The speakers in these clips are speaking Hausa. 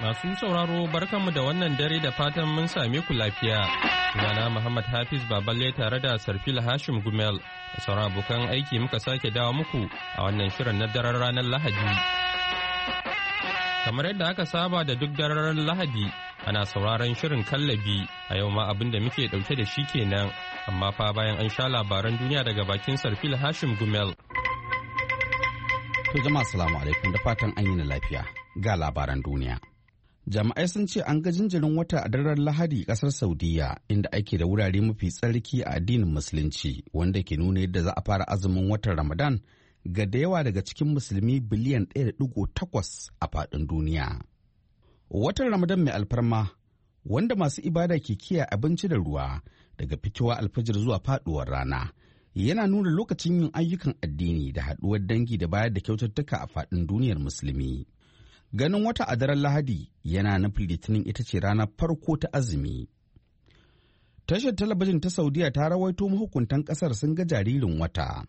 Masu sauraro barkanmu da wannan dare da fatan mun same ku lafiya. Sunana Muhammad Hafiz Baballe tare da Sarfil Hashim Gumel. Da sauran abokan aiki muka sake dawo muku a wannan shirin na daren ranar Lahadi. Kamar yadda aka saba da duk daren Lahadi ana sauraron shirin kallabi a yau ma abin da muke dauke da shi kenan amma fa bayan an sha labaran duniya daga bakin Sarfil Hashim Gumel. To jama'a salamu alaikum da fatan an yi lafiya ga labaran duniya. jami'ai sun ce an ga jinjirin wata a daren lahadi kasar saudiya inda ake da wurare mafi tsarki a addinin musulunci wanda ke nuna yadda za a fara azumin watan ramadan ga da yawa daga cikin musulmi biliyan 1.8 a faɗin duniya watan ramadan mai alfarma wanda masu ibada ke kiya abinci da ruwa daga fitowa alfajir zuwa faɗuwar rana yana nuna lokacin yin ayyukan addini da haɗuwar dangi da bayar da kyaututtuka a faɗin duniyar musulmi Ganin wata a daren Lahadi yana nufin Litinin ita ce ranar farko ta azumi. Tashar talabijin ta Saudiya ta rawaito mahukuntan kasar sun ga jaririn wata.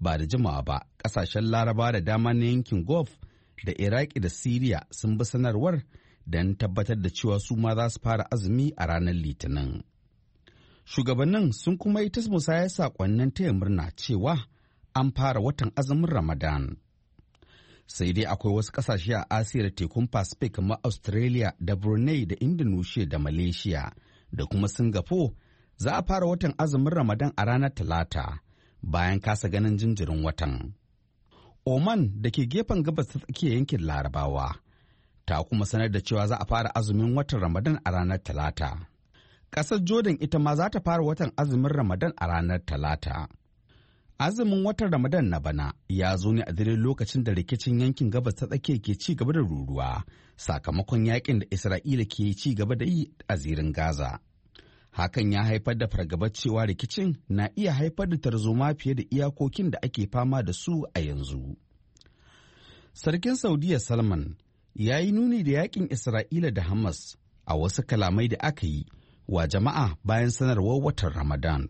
Ba da jimawa ba, kasashen Laraba da dama na yankin Gulf da Iraki da Siriya sun bi sanarwar don tabbatar da cewa su ma za su fara azumi a ranar Litinin. Shugabannin sun kuma yi musayar saƙonnin taya murna cewa an fara watan azumin Ramadan. sai dai akwai wasu kasashe a asiya tekun pacific kamar australia da brunei da indonesia da malaysia da kuma singapore za a fara watan azumin ramadan a ranar talata bayan kasa ganin jinjirin watan oman da ke gefen gabas ta tsakiya yankin larabawa ta kuma sanar da cewa za a fara azumin watan ramadan a ranar talata ƙasar jordan ita ma za ta fara watan azumin ramadan a ranar talata Azumin watan Ramadan na bana ya zo ne a dare lokacin da rikicin yankin gabas ta tsakiya ke ci gaba da ruruwa sakamakon yakin da Isra'ila ke ci gaba da yi a zirin Gaza. Hakan ya haifar da fargabar cewa rikicin na iya haifar da tarzoma fiye da iyakokin da ake fama da su a yanzu. Sarkin Saudiya Salman ya yi nuni da yakin Isra'ila da Hamas a wasu kalamai da aka yi wa jama'a bayan sanarwar watan Ramadan.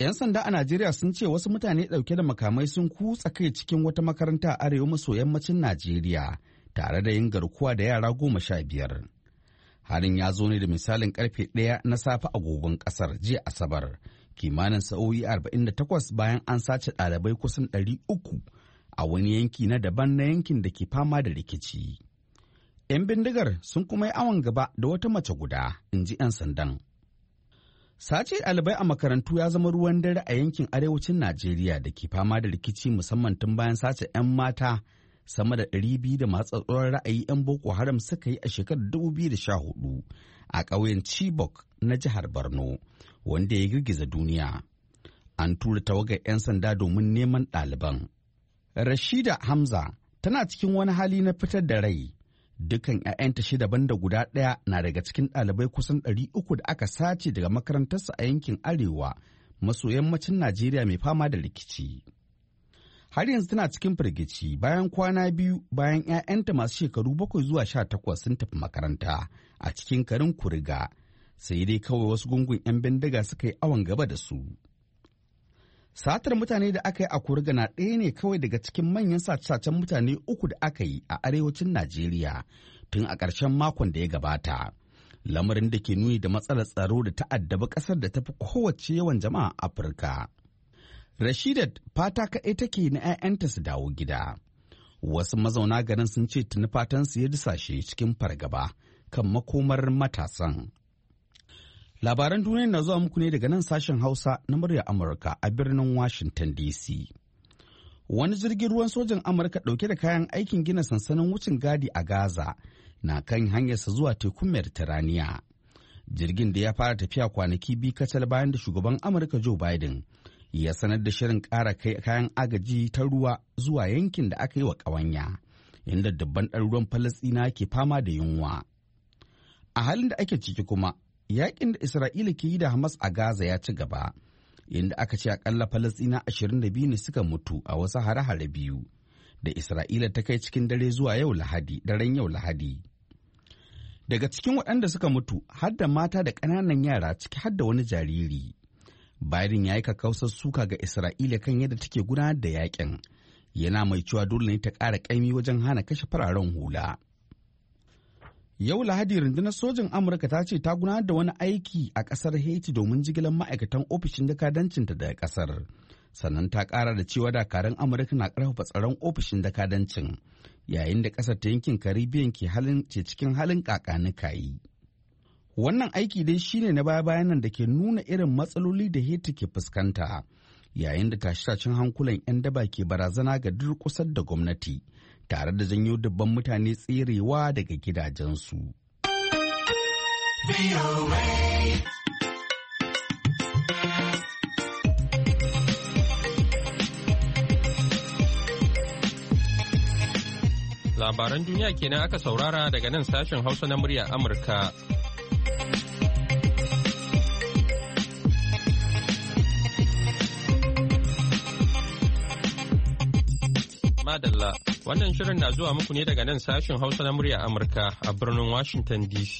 'Yan sanda a Najeriya sun ce wasu mutane ɗauke da makamai sun kutsa kai cikin wata makaranta a arewa maso yammacin Najeriya tare da yin garkuwa da yara goma sha biyar. Harin ya zo ne da misalin karfe ɗaya na safe agogon ƙasar jiya Asabar, kimanin sa'o'i takwas bayan an sace ɗalibai kusan uku a wani yanki na daban na yankin da ke fama da rikici. 'Yan bindigar sun kuma yi awon gaba da wata mace guda, in ji 'yan sandan. Sace ɗalibai a makarantu ya zama ruwan dare a yankin arewacin Najeriya da ke fama da rikici musamman tun bayan sace 'yan mata sama da ɗari 200 da masu ra'ayi 'yan Boko Haram suka yi a shekarar 2014 a ƙauyen Chibok na jihar Borno wanda ya girgiza duniya. An tura tawagar 'yan sanda domin neman ɗaliban. Rashida Hamza tana cikin wani hali na fitar da rai Dukan 'ya'yanta shida banda guda ɗaya na daga cikin ɗalibai kusan ɗari uku da aka sace daga makarantarsa a yankin Arewa maso yammacin Najeriya mai fama da rikici. Har yanzu tana cikin firgici bayan kwana biyu bayan 'ya'yanta masu shekaru bakwai zuwa sha takwas sun tafi makaranta a cikin karin kuriga sai dai kawai wasu gungun 'yan bindiga suka yi awon gaba da su. Satar mutane da aka yi a Kuriga na ɗaya ne kawai daga cikin manyan sace-sacen mutane uku da aka yi a arewacin Najeriya tun a ƙarshen makon da ya gabata. Lamarin da ke nuni da matsalar tsaro da ta'addaba ƙasar da tafi kowace yawan jama'a Afirka. Rashidat fata kaɗai take na 'ya'yanta su dawo gida. wasu mazauna garin sun ce tuni fatan su ya dusashe cikin fargaba kan makomar matasan. Labaran duniya na zuwa muku ne daga nan sashen Hausa na muryar Amurka a birnin Washington DC. Wani jirgin ruwan sojan Amurka ɗauke da kayan aikin gina sansanin wucin gadi a Gaza na kan hanyarsa zuwa tekun Mediterania. Jirgin da ya fara tafiya kwanaki biyu kacal bayan da shugaban Amurka Joe Biden ya sanar da shirin ƙara kayan agaji ta ruwa zuwa yankin da aka yi wa ƙawanya, inda dubban ɗaruruwan Falasɗina ke fama da yunwa. A halin da ake ciki kuma, Yaƙin da Isra'ila ke yi da Hamas a Gaza ya ci gaba, inda aka ce akalla da 22 ne suka mutu a wasu hare-hare biyu da Isra'ila ta kai cikin dare zuwa yau Lahadi, daren yau Lahadi. Daga cikin waɗanda suka mutu har da mata da ƙananan yara ciki har da wani jariri. Biden ya yi kakkausar suka ga Isra'ila kan yadda take gudanar da yakin. Yana mai cewa dole ne ta ƙara ƙaimi wajen hana kashe fararen hula. Yau Lahadi rundunar sojin Amurka ta ce ta gudanar da wani aiki a ƙasar Haiti domin jigilar ma'aikatan ofishin dakadancinta daga ƙasar. Sannan ta ƙara da cewa dakarun Amurka na ƙarfafa tsaron ofishin dakadancin yayin da ƙasar ta yankin Karibiyan ke halin ce cikin halin kakanikayi. Wannan aiki dai shine na baya-bayan nan da ke nuna irin matsaloli da Haiti ke fuskanta yayin da tashe-tashen hankulan 'yan daba ke barazana ga durƙusar da gwamnati. tare da janyo dubban mutane tserewa daga gidajensu. Labaran duniya kenan aka saurara daga nan sashen Hausa na murya Amurka madalla wannan shirin na zuwa muku ne daga nan sashen hausa na murya amurka a birnin washington dc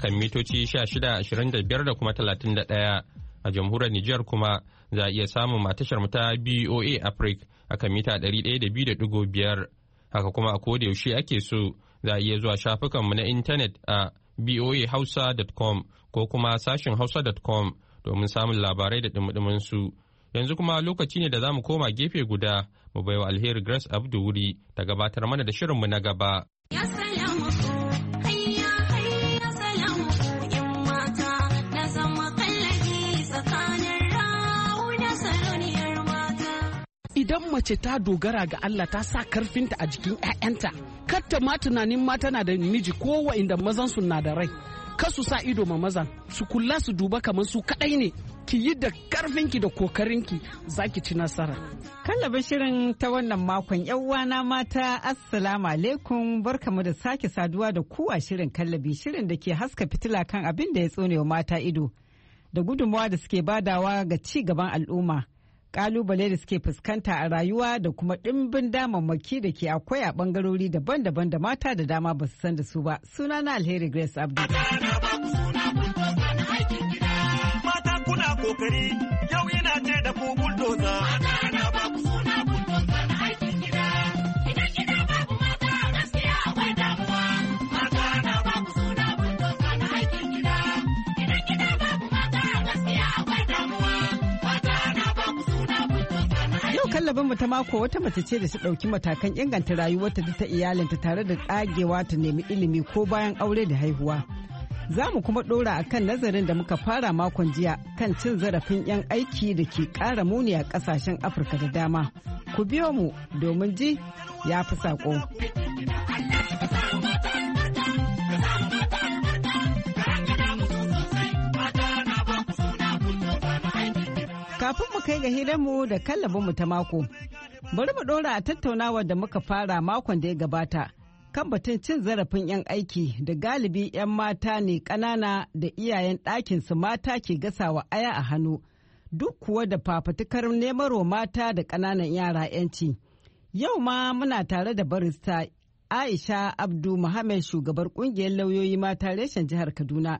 kan mitoci 1625 da kuma 31 a jamhuriyar niger kuma za a iya samun matashar ta boa africa a kan mita 102.5 haka kuma a koda yaushe ake so za a iya zuwa shafukanmu na intanet a boahausa.com ko kuma sashen hausa.com domin samun labarai da dumudumin su yanzu kuma lokaci ne da za mu koma gefe guda mu baiwa alheri Grace Abdu wuri ta gabatar mana da shirinmu na gaba. Idan mace ta dogara ga Allah ta sa karfinta a jikin 'ya'yanta, kar ta ma tunanin ma tana da miji ko wa'inda mazansu na da rai. kasu sa ido ma maza su kula su duba kamar su kadai ne ki yi da karfinki da kokarinki za ki ci nasara. Kallaba shirin ta wannan makon uwana mata assalamu alaikum barkamu da sake saduwa da kuwa shirin kallabi shirin da ke haska fitila kan abin da ya tsonewa mata ido da gudunmawa da suke badawa ga ci gaban al'umma. kalubale da suke fuskanta a rayuwa da kuma ɗimbin damammaki da ke akwai a bangarori daban-daban da mata da dama ba su san da su ba suna na alheri grace abdu kokari yau yana ce da ku mukallabin mu ta mako wata mace ce da su ɗauki matakan inganta rayuwarta da ta iyalinta tare da tsagewa ta nemi ilimi ko bayan aure da haihuwa. Za mu kuma ɗora a kan nazarin da muka fara makon jiya kan cin zarafin 'yan aiki da ke ƙara muni a ƙasashen Afirka da dama. Ku biyo mu domin ji ya fi saƙo. Kafin mu kai ga mu da kallabinmu ta mako, bari mu ɗora a tattaunawar da muka fara makon da ya gabata kan batun cin zarafin 'yan aiki da galibi 'yan mata ne kanana da iyayen ɗakinsu mata ke gasawa aya a hannu, duk kuwa da fafatukar nemarwa mata da ƙananan yara 'yanci. Yau ma muna tare da barista Aisha Abdu Muhammad shugabar kungiyar lauyoyi mata reshen jihar Kaduna.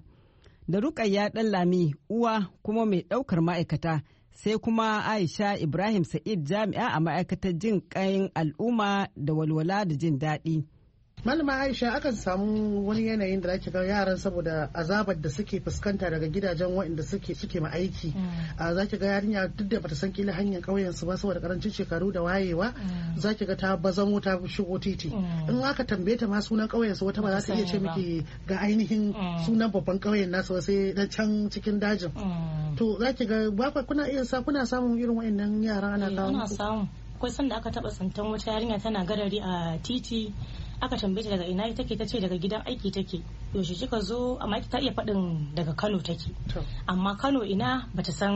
da ruƙayya ɗan lami uwa kuma mai ɗaukar ma'aikata sai kuma aisha ibrahim sa'id jami'a a ma'aikatar jin kayan al'umma da walwala da jin daɗi malama aisha akan samu wani yanayin da ake ga yaran saboda azabar da suke fuskanta daga gidajen waɗanda suke suke ma aiki mm. a ah, zaki ga yarinya duk da bata san kila hanyar ƙauyen su ba saboda karancin shekaru da wayewa mm. zaki ga ta bazamo ta shigo titi mm. in aka tambaye ta ma sunan ƙauyen su wata ba za ta iya ce miki ga ainihin sunan babban ƙauyen nasu sai dan can cikin dajin to za ki ga ba kuna iya sa kuna samun irin waɗannan yaran ana eh, kawo ana samu akwai sanda aka taba tsintan wata yarinya tana garari a titi aka tambaye ta daga ina take ta daga gidan aiki take yaushe kika zo amma ta iya faɗin daga Kano take amma Kano ina bata san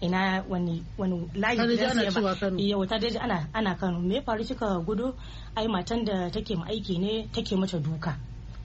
ina wani wani layi da ana ba Kano yau ta daji ana ana Kano me faru kika gudu. ai matan da take mu aiki ne take mata duka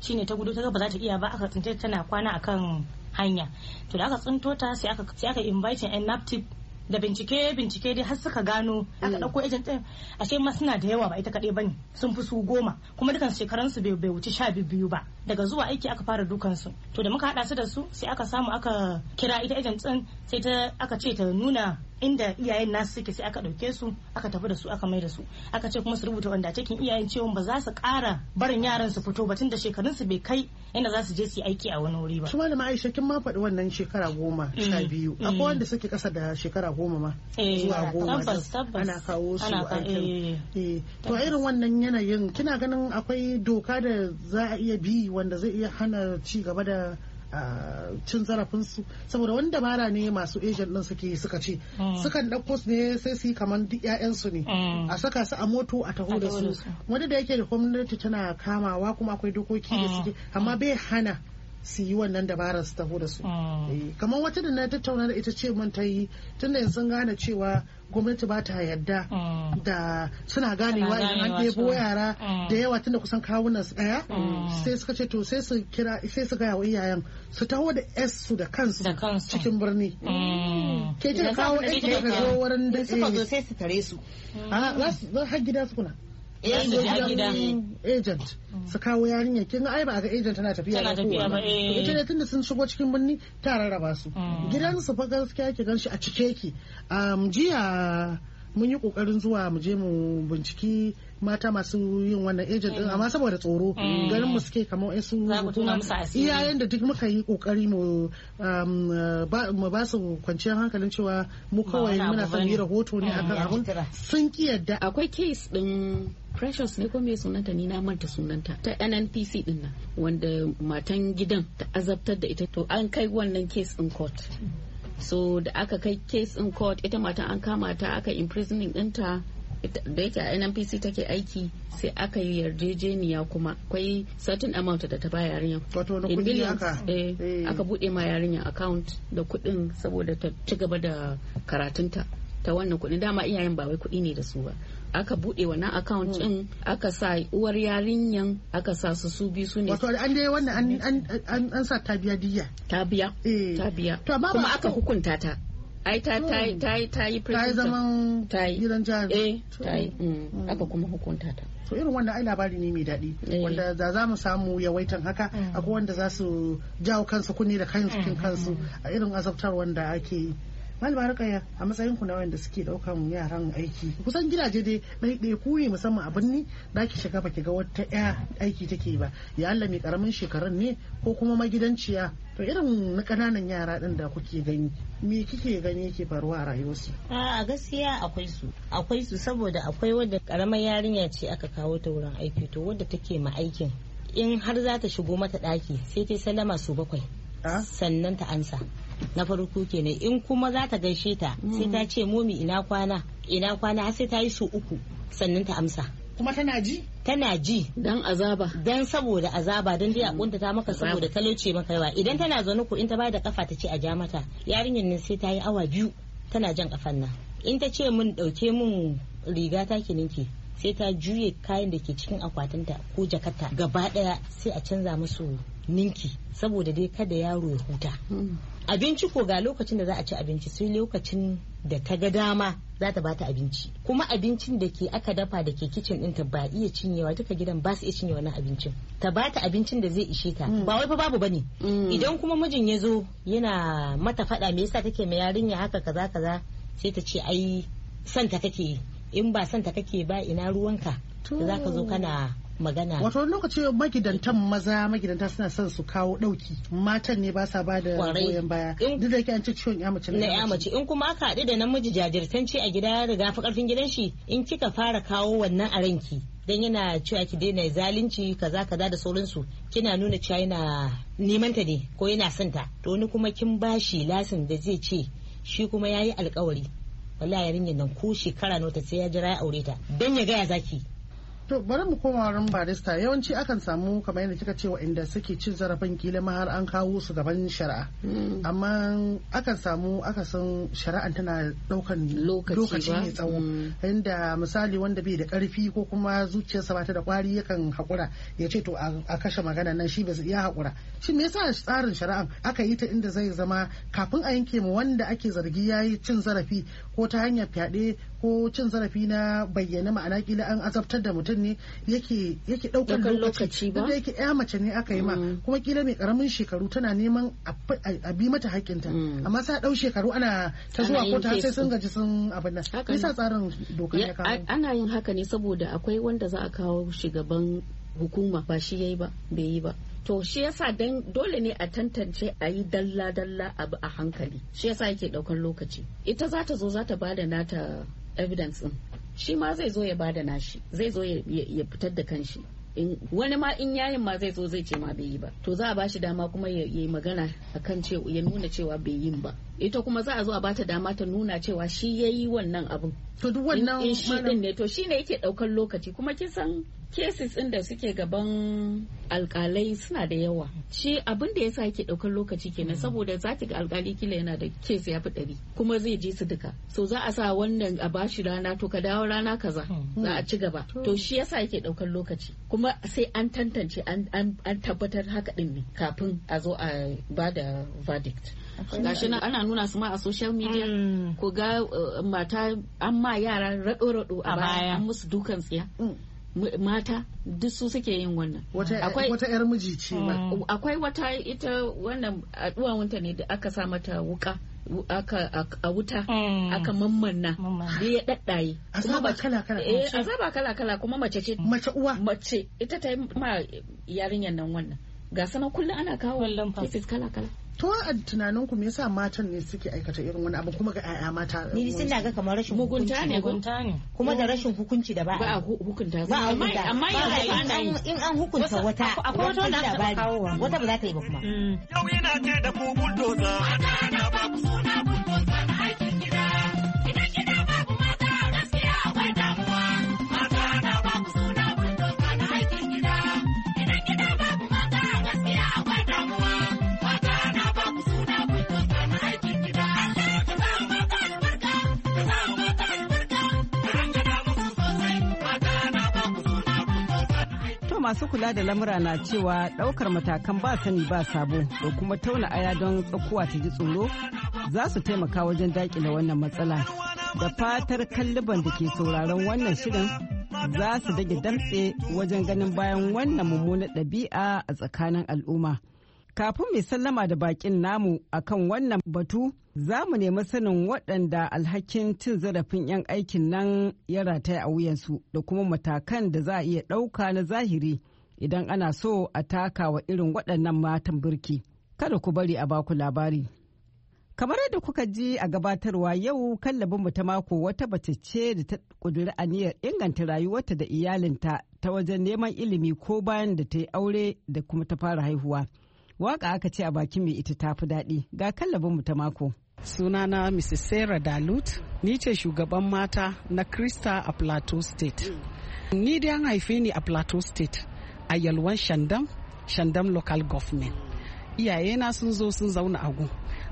shine ta gudu ta ga ba za ta iya ba aka tsinta tana kwana akan hanya to da aka tsinto ta sai aka sai aka invite yan naptip da bincike bincike dai har suka gano aka dauko mm. agent din ashe ma suna da yawa ba ita kadai bane sun fi su goma kuma dukan shekaran su bai wuce sha biyu ba daga zuwa aiki aka fara dukan su to da muka hada su da su sai aka samu aka kira ita agent din sai ta aka ce ta nuna inda iyayen nasu suke sai aka ɗauke su aka tafi da su aka mai da su aka ce kuma su rubuta wanda cikin iyayen cewa ba za su kara barin yaran su fito ba tun da shekarun su bai kai inda za su je su yi aiki a wani wuri ba. Su malama Aisha kin ma faɗi wannan shekara goma mm, sha biyu. Mm. Akwai wanda suke ƙasa da shekara goma ma. Eh, zuwa goma. Tabbas Ana kawo su aikin. Eh, eh, to irin wannan yanayin kina ganin akwai doka da za a iya bi wanda zai iya hana ci gaba da cin zarafinsu saboda wanda mara ne masu agent din suke suka ce mm. sukan ɗauko su ne sai su yi kamar duk su ne mm. a saka su a moto a taho da su wanda da yake da gwamnati tana kamawa kuma akwai dokoki da mm. suke amma bai hana su yi wannan dabarar su taho da su ah. eh, kamar wata da na tattauna da ita ce man ta yi da yanzu gane cewa gwamnati ba ta yarda ah. da suna ganewa idan an ɗebo yara ah. da yawa tunda kusan kawunan su ɗaya sai suka ce to sai su kira sai su gaya wa iyayen su taho da s su da kansu cikin birni ke ce kawo ɗan ki daga zo wurin da suka eh. sai su tare su har gida su kuna agent su kawo yarinya kin ai ba ga agent tana tafiya ba ko eh. ita ne da sun shigo cikin birni ta rarraba su hmm. gidan su fa gaskiya ki ganshi a cike ki jiya mun yi kokarin zuwa mu je mu binciki mata masu yin wannan agent din amma saboda tsoro hmm. garin mu suke kamar su iyayen da duk muka yi kokari mu ba su kwanciyar hankalin cewa mu kawai muna son yi rahoto ne akan hmm, abun sun ki yadda akwai case din precious ne ko me sunanta ni na manta sunanta ta nnpc din nan wanda matan gidan ta azabtar da ita to an kai wannan case in court so da aka kai case in court ita matan an kama ta aka imprisoning dinta da yake a nnpc take aiki sai aka yi yarjejeniya kuma akwai certain amount da ta ba yarinya in billions aka eh, bude ma yarinya account da kudin saboda ta ci gaba da karatunta ta wannan kudin dama iyayen ba wai kudi ne da su ba aka buɗe wannan account din hmm. aka sa uwar yarinyan aka sa su su biyu su ne wato an dai wannan an sa tabiya diya tabiya eh. tabiya kuma aka hukunta ta ai ta ta ta hmm. ta yi ta yi zaman gidan jihar eh ta yi eh, hmm. aka kuma hukunta ta to irin wannan ai labari ne mai daɗi eh. wanda da za mu samu yawaitan haka akwai wanda za su jawo kansu kunne da kansu kansu a irin azabtar wanda ake yi malama rukaya a matsayin ku na wanda suke daukan yaran aiki kusan gidaje dai ɗaiɗai ku kuyi musamman a birni da ki shiga ba ki ga wata ɗaya aiki take ba ya Allah mai karamin shekarun ne ko kuma magidanciya to irin na ƙananan yara ɗin da kuke gani me kike gani yake faruwa a rayuwarsu a gaskiya akwai su akwai su saboda akwai wadda karamar yarinya ce aka kawo ta wurin aiki to wadda take ma aikin in har za ta shigo mata ɗaki sai ta salama su bakwai ah? sannan ta ansa na farko kenan in kuma za ta gaishe ta sai ta ce momi ina kwana ina kwana sai ta yi su uku sannan ta amsa kuma tana ji tana ji dan azaba dan saboda azaba dan dai a mm. ta maka saboda talauce maka yawa idan tana zaune ko in ta bada kafa ta ce a ja mata yarinyar nan sai ta yi awa biyu tana jan kafan nan in ta ce min dauke min riga ta ninki sai ta juye kayan da ke cikin akwatinta ko jakarta gaba daya sai a canza musu ninki saboda dai kada yaro ya huta mm. abinci ko ga lokacin da za a ci abinci sai lokacin da ta ga dama za ta bata abinci kuma abincin da ke aka dafa da ke kicin ɗinta ba iya cinyewa duka gidan ba su iya cinye wannan abincin ta bata abincin da zai ishe ta mm. ba wai fa babu bane mm. idan kuma mijin ya zo yana mata faɗa me yasa take ma yarinya haka kaza kaza sai ta ce ai santa kake in ba santa kake ba ina ruwanka za ka zo kana magana wato lokaci magidantan maza magidanta suna son su kawo dauki matan ne ba sa ba da goyon baya eh. duk da yake an ci ciwon ya mace na in kuma aka haɗu da namiji jajirtance a gida ya riga fa karfin gidan shi in kika fara kawo wannan a ranki dan yana cewa ki daina zalunci kaza kaza da sauransu kina nuna cewa yana neman ta ne ko yana son ta to wani kuma kin bashi lasin da zai ce shi kuma yayi alkawari wallahi yarinyar nan ko shekara nota sai ya jira ya aure ta dan ya gaya zaki To bari mu koma wurin barista yawanci akan samu kamar yadda kika ce wainda suke cin zarafin kila ma har an kawo su gaban shari'a. Hmm. Amma akan samu akasin shari'an tana ɗaukan lokaci mai tsawo. Hmm. Inda misali wanda bai da karfi ko kuma zuciyarsa ba ta da kwari yakan hakura ya ce to a kashe magana nan shi iya hakura Shi me yasa tsarin shari'an aka yi ta inda zai zama kafin a yanke mu wanda ake zargi ya yi cin zarafi ko ta hanyar fyaɗe ko cin zarafi na bayyana ma'ana kila an azabtar da mutum ne yake yake daukan lokaci ba yake ya mace ne aka yi ma mm. kuma kila mai karamin shekaru tana neman a bi mata hakinta mm. amma sa dau shekaru ana ta zuwa ko ta sai sun gaji sun abin nan bisa tsarin dokar ya kawo ana yin haka ne saboda akwai wanda za a kawo shugaban hukuma ba shi yayi ba bai yi ba to shi yasa dan dole ne a tantance a yi dalla dalla abu a hankali shi yasa yake daukan lokaci ita za ta zo za ta bada nata evidence din shi ma zai zo ya bada nashi zai zo ya fitar da kanshi wani ma in yayin ma zai zo zai ce ma bai yi ba to za a shi dama kuma ya yi magana akan cewa ya nuna cewa bai yin ba ita kuma za a zo a bata dama ta nuna cewa shi ya yi wannan abin to duk wannan in shi din ne to shine yake daukar lokaci kuma kin san cases din da suke gaban alkalai suna da yawa shi abin da yasa yake daukar lokaci kenan saboda zaki ki ga alkali kila yana da case ya fi ɗari kuma zai je su duka so za a sa wannan a bashi rana to ka dawo rana kaza za a ci gaba to shi yasa yake daukar lokaci kuma sai an tantance an tabbatar haka din ne kafin a zo a bada verdict gashi nan ana nuna su ma a social media hmm. ko ga eh, mata an ma yara rado rado a baya an musu dukan tsiya hmm. mata duk su suke yin wannan wata yar miji ce hmm. akwai wata ita wannan aduwa wanta ne da aka sa mata wuka aka a wuta aka mammanna da ya daddaye azaba kala kala eh azaba kala kala kuma mace ce mace uwa mace ita ta yi ma yarinyar nan wannan ga sanan kullum ana kawo wallan fasis kala kala to a tunanin ku me yasa matan ne suke aikata irin wani abu kuma ga ƴaƴa mata ni sun daga kamar rashin mugunta ne mugunta ne kuma da rashin hukunci da ba a hukunta ba amma amma yanzu in an hukunta wata akwai wata wanda aka kawo wata ba za ta yi ba kuma mm. yau yana ce da ku bulldozer mata ba ku suna masu kula da lamura na cewa ɗaukar matakan ba sani ba sabo da kuma tauna aya don tsakuwa ta ji tsoro za su taimaka wajen daƙile wannan matsala. Da fatar kalliban da ke sauraron wannan shirin za su dage damtse wajen ganin bayan wannan mummunar ɗabi'a a tsakanin al'umma. Kafin mai sallama da bakin namu akan wannan batu, za mu nemi sanin waɗanda alhakin cin zarafin 'yan aikin nan ya rataya a wuyansu da kuma matakan da za a iya ɗauka na zahiri idan ana so a taka wa irin waɗannan matan birki. Kada ku bari a baku labari. Kamar yadda kuka ji a gabatarwa yau kallabinmu ta mako wata bace ce da ta ƙudiri aniyar inganta rayuwarta da iyalinta ta wajen neman ilimi ko bayan da ta yi aure da kuma ta fara haihuwa. Waka aka ce a bakin mai ita ta fi daɗi ga mu ta mako. Sunana Mrs. Sarah Dalut, ni ce shugaban mata na Krista a Plateau State. Ni dai an haife ni a Plateau State a Yalwan Shandam, Shandam Local Government. Iyayena sun zo sun zauna a gun.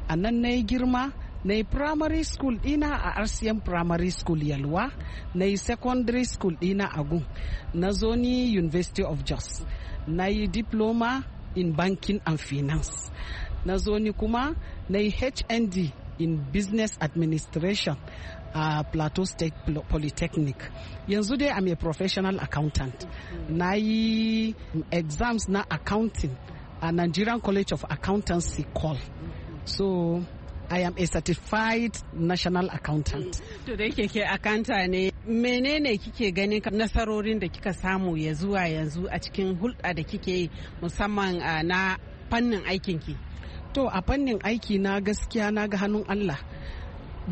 A nan na yi girma, na yi primary school ɗina a RCM primary school Yalwa, na yi secondary school ɗina a gun. Na zo ni University of Jos. Na yi diploma in banking and finance na zo ni kuma na yi hnd in business administration a uh, plateau state polytechnic yanzu dai am a professional accountant na yi exams na accounting a nigerian college of accountancy call so I am a certified national accountant. To da yake ke akanta ne menene kike ganin nasarorin da kika samu ya zuwa yanzu a cikin hulɗa da kike yi musamman ah, na fannin aikinki to a fannin aiki na gaskiya na ga hannun allah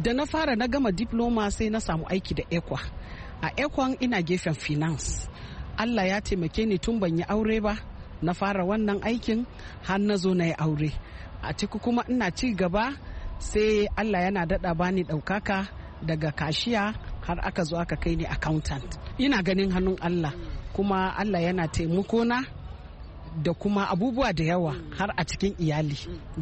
da na fara na gama diploma sai na samu aiki da ekwa a ekwan ina gefen finance allah ya taimake ni tun ban yi aure ba na fara wannan aikin har na zo na yi aure a ciki kuma ina ci gaba sai allah yana daɗa bani ɗaukaka daga kashiya har aka zo aka kai ni accountant ina ganin hannun allah kuma allah yana taimako na da kuma abubuwa da yawa har a cikin iyali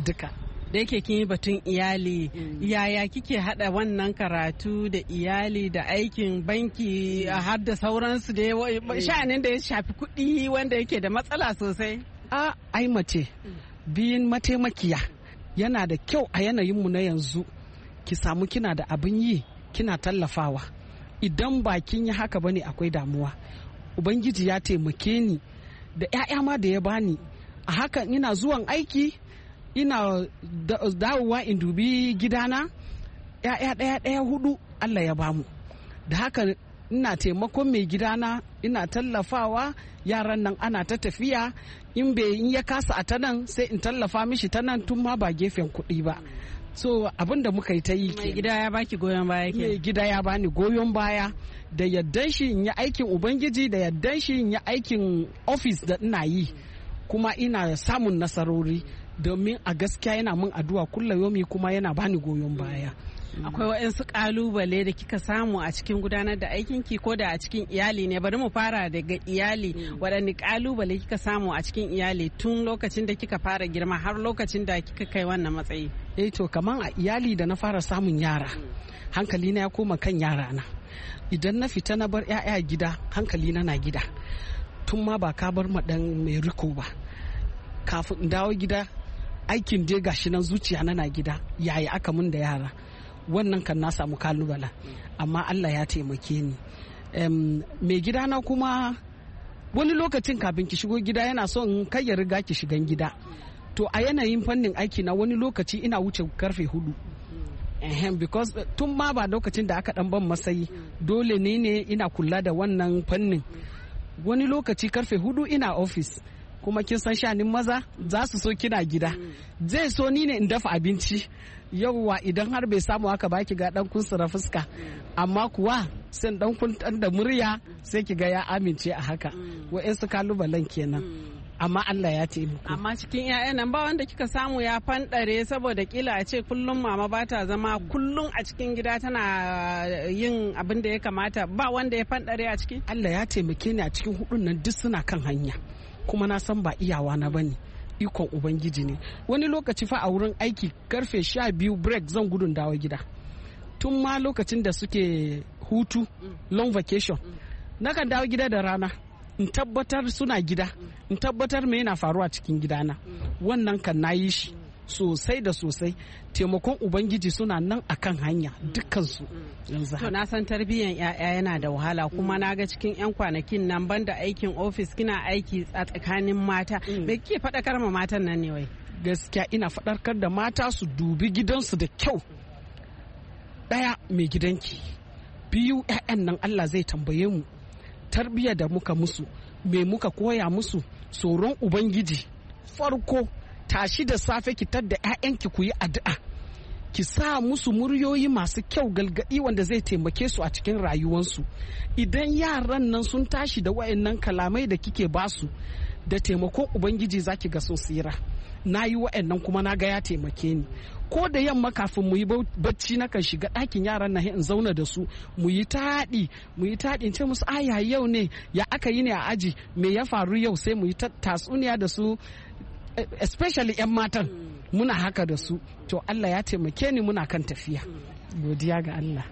duka da yake kin yi batun iyali mm. yaya kike hada wannan karatu da iyali da aikin banki mm. har da sauransu da mm. sha'anin da ya shafi kuɗi wanda yake da matsala sosai a ai mace biyun mataimakiya yana da kyau a yanayin mu na yanzu ki samu kina da abin yi kina tallafawa idan ba kin yi haka bane akwai damuwa ubangiji ya taimake ni da 'ya'ya ma da ya bani a haka ina zuwan aiki ina dawowa in dubi gidana 'ya'ya ɗaya ɗaya hudu allah ya bamu da haka ina taimakon mai gidana ina tallafawa yaran nan ana ta tafiya in bai in ya kasa a ta nan sai in tallafa mishi ta nan tun ma ba gefen kuɗi ba so abin da muka yi ta yi ke gida ya baki goyon baya ke gida ya bani goyon baya da yaddan shi in yi aikin ubangiji da yaddan shi in yi aikin ofis da ina yi kuma ina samun nasarori domin a gaskiya yana min addu'a kulla yomi kuma yana bani goyon baya akwai waɗansu kalubale da kika samu a cikin gudanar da aikinki ko da a cikin iyali ne bari mu fara daga iyali mm. waɗanne kalubale kika samu a cikin iyali tun lokacin da kika fara girma har lokacin da kika kai wannan matsayi eh to kaman a iyali da na fara samun yara hankali na ya koma kan yara na idan na fita na bar 'ya'ya gida hankali na na gida tun ma ba ka bar maɗan mai riko ba kafin dawo gida aikin dai gashi nan zuciya na na gida yayi aka mun da yara wannan kan na samu kalubala amma allah ya taimake ni mai gida na kuma wani lokacin kafin ki shigo gida yana son kai ya riga ki shigan gida to a yanayin fannin aiki na wani lokaci ina wuce karfe hudu ehem because eh, tun ma ba lokacin da aka dan ban masayi dole ne ne ina kula da wannan fannin wani lokaci karfe hudu ina office kuma kin san shanin maza za su so kina gida zai so ni ne in dafa abinci yauwa idan har bai samu haka ba ki ga dan sura fuska amma kuwa sai dan kun da murya sai ki ga ya amince a haka su kalubalen kenan amma Allah ya taimako amma cikin ƴaƴan nan ba wanda kika samu ya fanɗare saboda kila a ce kullum mama ba ta zama kullum a cikin gida tana yin abin da ya kamata ba wanda ya fanɗare a ciki Allah ya taimake ni a cikin hudun nan duk suna kan hanya kuma na san ba iyawa na bane ikon ubangiji ne wani lokaci fa a wurin aiki karfe sha biyu break zan gudun dawo gida tun ma lokacin da suke hutu mm. long vacation mm. nakan dawo gida da rana in tabbatar suna gida in tabbatar me yana faruwa cikin gidana wannan kan na yi shi sosai da sosai taimakon ubangiji suna nan akan hanya dukkansu yanzu to na san tarbiyyan yaya yana da wahala kuma na ga cikin yan kwanakin nan banda aikin ofis kina aiki a tsakanin mata mm. me kike fadakar ma matan nan ne wai gaskiya ina fadakar da mata su dubi gidansu da kyau ɗaya mai gidanki biyu 'ya'yan nan allah zai tambaye mu tarbiyyar da muka musu me muka koya musu tsoron ubangiji farko tashi da safe ki da 'ya'yanki ku yi addu'a ki sa musu muryoyi masu kyau galgadi wanda zai taimake su a cikin rayuwansu idan yaran nan sun tashi da wayannan kalamai da kike basu da taimakon ubangiji zaki ga sun tsira na yi wa'annan kuma na ga ya taimake ni ko da yamma kafin mu yi bacci na kan shiga ɗakin yaran na in zauna da su mu yi taɗi mu yi taɗi ce musu aya yau ne ya aka yi ne a aji me ya faru yau sai mu yi tatsuniya da su e-, especially 'yan matan mm. muna haka da su to Allah ya taimake ni muna kan tafiya mm. godiya ga Allah.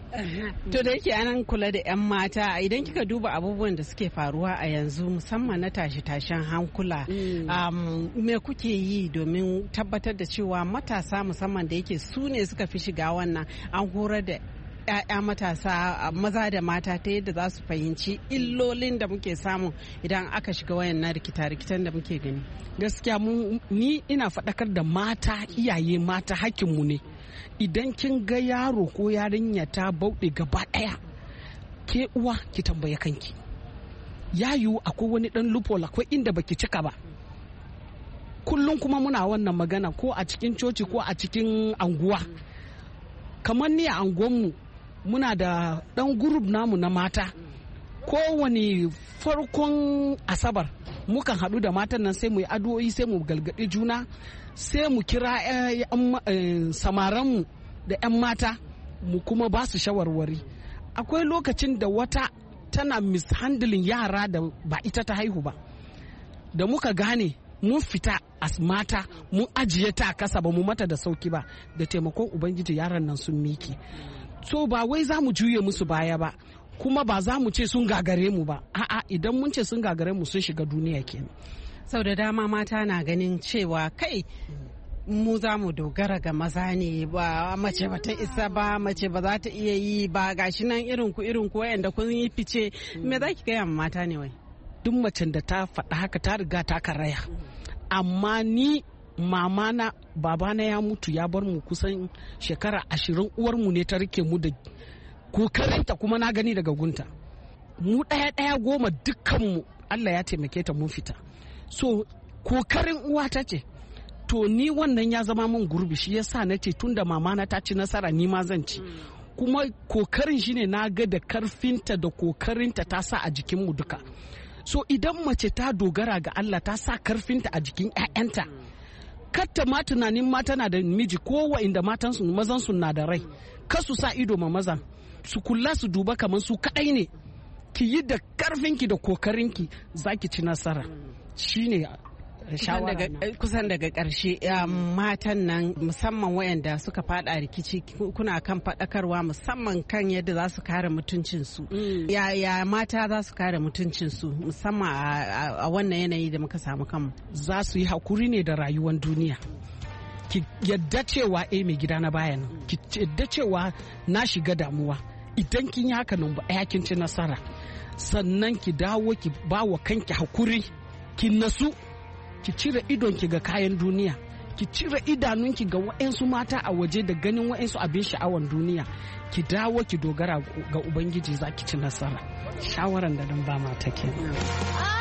To da yake anan kula da 'yan mata idan kika duba abubuwan da suke faruwa a yanzu musamman na tashi tashen hankula mm. me kuke yi domin tabbatar da cewa matasa musamman da yake su ne suka fi shiga wannan an horar da 'ya'ya matasa maza da mata ta yadda za su fahimci illolin da muke samu idan aka shiga wayannan rikita-rikitan da muke gani. Gaskiya ni ina faɗakar da mata iyaye mata hakkinmu ne. idan kin ga yaro ko yarinya ta bauɗe gaba ɗaya ke uwa ki tambaya kanki ya yiwu akwai wani ɗan loophole akwai inda baki cika ba kullum kuma muna wannan magana ko a cikin coci ko a cikin anguwa kamar ni a anguwanmu muna da ɗan gurub namu na mata kowane farkon asabar mukan haɗu da matan nan sai mu yi addu'o'i sai mu galgaɗi juna sai mu kira eh, samaranmu da 'yan mata mu kuma ba su shawarwari akwai lokacin da wata tana mishandling yara da ba ita ta haihu ba da muka gane mun fita as mata mun ajiye ta a kasa ba mu mata da sauki ba da taimakon ubangiji yaran nan sun miki so ba wai za mu juye musu baya ba kuma ba za mu ce sun gagare mu ba a'a idan mun ce sun gagare mu sun shiga duniya kenan sau da dama mata na ganin cewa kai mu za mu dogara ga maza ne ba mace ba ta isa ba mace ba za ta iya yi ba gashi nan irin ku irin ku wayanda kun yi fice me za ki gaya mata ne wai duk macen da ta faɗa haka ta riga ta karaya amma ni mama na babana ya mutu ya bar mu kusan shekara ashirin uwar mu ne ta rike mu da kokarinta kuma na gani daga gunta mu ɗaya ɗaya goma dukkanmu allah ya taimake ta mun fita so kokarin uwata ce to ni wannan ya zama min gurbi shi yasa na ce tunda mama na ta ci nasara ni ma zan ci kuma kokarin shine na ga da karfinta da kokarinta ta sa a jikinmu duka so idan mace ta dogara ga Allah ta sa karfinta a jikin 'ya'yanta katta ma tunanin ma tana da miji ko wa'inda matansu su na da rai kasu sa ido ma mazan su kula su duba kamar su kadai ne ki yi da karfinki da kokarinki za ki ci nasara shine kusan daga eh, ƙarshe eh, matan nan musamman wayanda suka fada rikici kuna kan faɗakarwa musamman kan yadda za su kare mutuncinsu yaya mm. mata za su kare mutuncinsu musamman a wannan yanayi da muka samu kanmu za su yi hakuri ne da rayuwar duniya ki yadda cewa eh mai gida na bayan ki yadda cewa na shiga damuwa idan kin yi haka nan ba kin ci nasara sannan ki dawo ki ba wa kanki hakuri ki nasu ki cire idonki ga kayan duniya ki cire idanunki ga wa'ensu mata a waje da ganin wa'ensu abin sha'awan duniya ki dawo ki dogara ga ubangiji za ki ci nasara shawaran da dan ba mata kenan ah!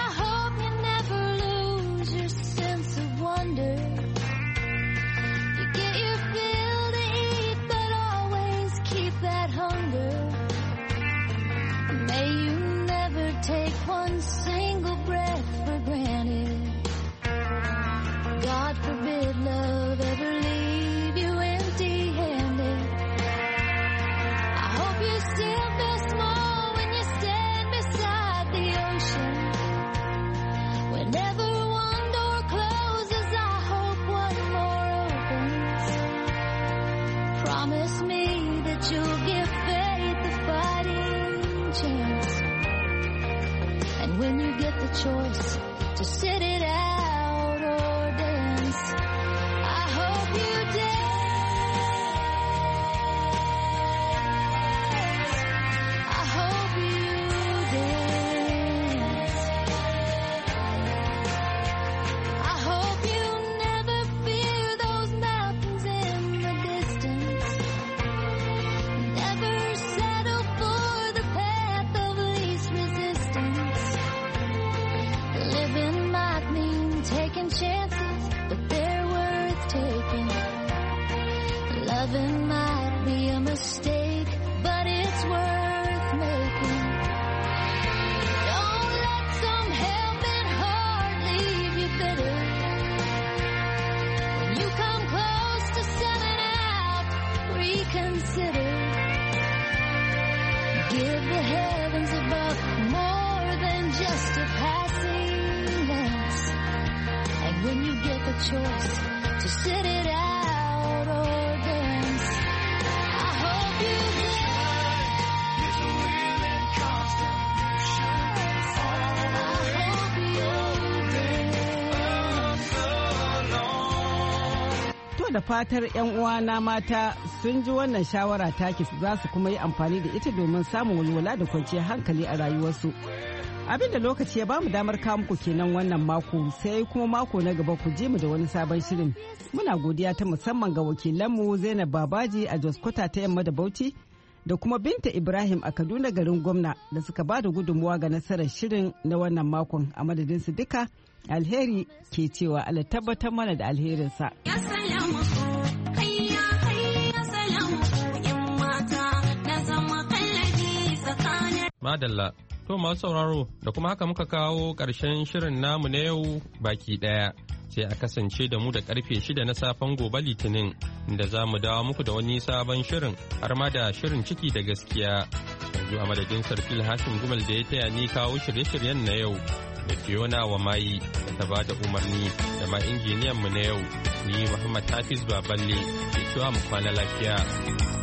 kuma da fatar 'yan uwana mata sun ji wannan shawara taki za su kuma yi amfani da ita domin samun walwala da kwanciyar hankali a rayuwarsu. Abin da lokaci ya ba mu damar kawo muku kenan wannan mako sai kuma mako na gaba ku je mu da wani sabon shirin. Muna godiya ta musamman ga wakilanmu Zainab Babaji a Jos Kwata ta yamma da Bauchi da kuma Binta Ibrahim a Kaduna garin gwamna da suka ba da gudunmuwa ga nasarar shirin na wannan makon a madadinsu duka. alheri ke cewa ala tabbatar mana da alherinsa. Madalla, to masu sauraro da kuma haka muka kawo ƙarshen shirin namu na yau baki ɗaya. Sai a kasance da mu da karfe shida na safen gobe litinin da za mu dawo muku da wani sabon shirin har ma da shirin ciki da gaskiya. Yanzu a madadin Sarfil Hashim Gumal da ya taya ni kawo shirye-shiryen na yau da Fiona wa mayi da ta ba da umarni da ma injiniyan mu na yau ni Muhammad Hafiz Baballe ke cewa mu kwana lafiya.